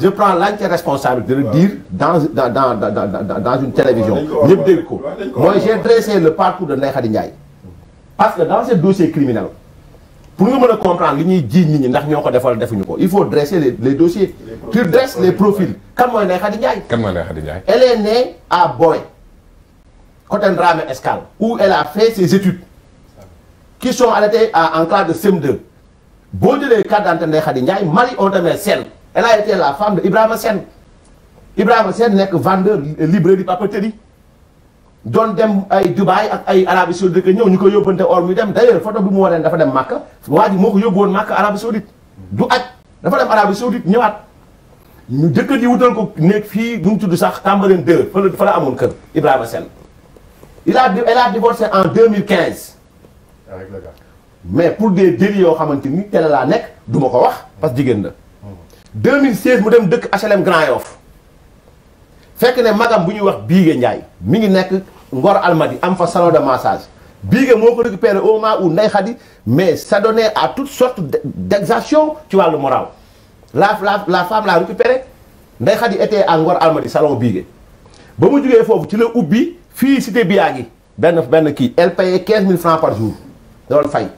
je prends l'entière responsabilité de le dire dans, dans, dans, dans une télévision. Moi, j'ai dressé le parcours de Ndeye Ndiaye. Parce que dans ce dossier criminel, pour nous comprendre ce qu'on il faut dresser les, dossiers. tu dresses les profils. Comment est Ndeye Ndiaye Elle est née à Boy, côté drame escale, où elle a fait ses études, qui sont arrêtées en classe de sem 2 les de les cas d'André Ndiaye, Marie Ondemé, celle elle a été la femme d'Ibrahim Sen. Ibrahim Sen n'est que vendeur librairie papeterie. doon dem ay Dubaï ak ay Arabie Saoudite ñëw ñu ko yóbbante or muy dem d'ailleurs photo bi mu wane dafa dem Màkka waa ji moo ko yóbbu woon Màkka Arabie Saoudite du aj dafa dem Arabie Saoudite ñëwaat ñu jëkkër ji wutal ko nekk fii nu mu tudd sax Cambérène 2 fa la fa la amoon kër Ibrahima Sène il a elle a divorcé en 2015 Avec la mais pour des délits yoo xamante ni teel laa nekk du ma ko wax parce que jigéen 2016 mu dem deuk HLM Grand Yoff fekk ne magam buñu wax Biige Ndiaye mi ngi nek Ngor Almadi am fa salon de massage bige, moko récupérer au moment où Ndeye Khadi mais ça donnait à toutes sortes d'exactions vois le moral la la la femme l'a récupéré Ndeye Khadi était à Ngor Almadi salon Biige ba mu jugee fofu ci le ubi fi cité biyaa gi ben benn kii elle payait 15000 francs par jour loolu fay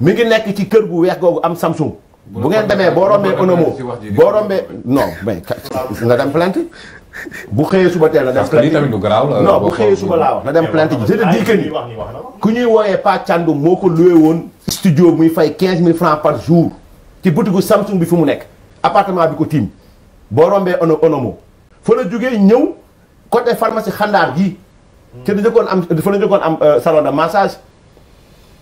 mi ngi nek ci kër gu wex gogu am Samsung. bu ngeen demee boo rombee onomo boo rombee non mais na dem plainte bu xëyee suba teel na dem plainte tamit lu garaaw la non bu xëyee suba laa wax na dem plainte ji je te dis que ni ku ñuy wooyee Pa Thiandoum moo ko loué woon studio muy fay 15000 francs par jour ci boutique Samsung bi fu mu nekk appartement bi ko tiim boo rombee ono onomo fa la jógee ñëw côté pharmacie xandaar gi te da jëkkoon am fa la jëkkoon am euh, salon de massage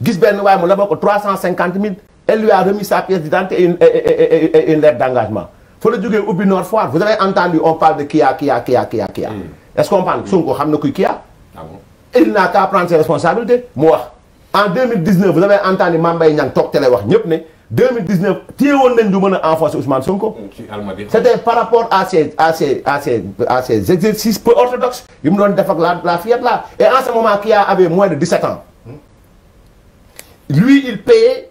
gis benn waaye mu lebal ko cinquante mille Elle lui a remis sa pièce d'identité et une, lettre d'engagement. Faut le juger Ubi Nord Vous avez entendu, on parle de Kia, Kia, Kia, Kia, Kia. Hmm. Est-ce qu'on parle mm. Sunko, Hamnoku, Kia ah bon? Il n'a qu'à prendre ses responsabilités. Moi, en 2019, vous avez entendu Mambay Nyang Tok nyopne. 2019, Théon Nendoumane a enfoncé Ousmane Sonko. Hmm, C'était par rapport à ces, à ces, à ces, exercices peu orthodoxes. Il me donne des la, la là. Et en ce moment, Kia avait moins de 17 ans. Hmm. Lui, il payait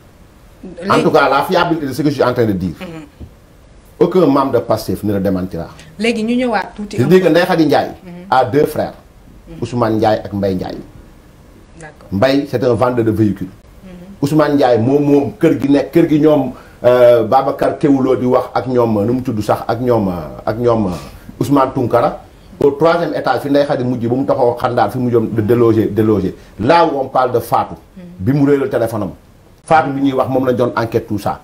en tout cas la fiabilité de ce que je suis en train de dire. Mm-hmm. aucun membre de Pastef ne le démentira. léegi ñu ñëwaat tuuti. te nga Ndeye Khady Ndiaye. Mm-hmm. a deux frères. Mm-hmm. Ousmane Ndiaye ak Mbaye Ndiaye. d'accord Mbaye c'est un vendeur de véhicules. Ousmane Ndiaye moom moom kër gi nekk kër gi ñoom euh, Babacar Kewulo di wax ak ñom nu tuddu sax ak ñom euh, ak ñom euh, Ousmane Tunkara. au troisième étage fi Ndeye Khady mujj ba mu taxo xandaar fi mu jëm de déloger déloger là où on parle de Fatou. bi mu réeral téléphone am. Fatou bi a wax enquête tout ça.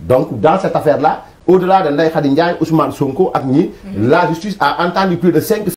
donc dans cette affaire là au delà de Ndaye Ndiaye Ousmane Sonko ak mm-hmm. la justice a entendu plus de cinq.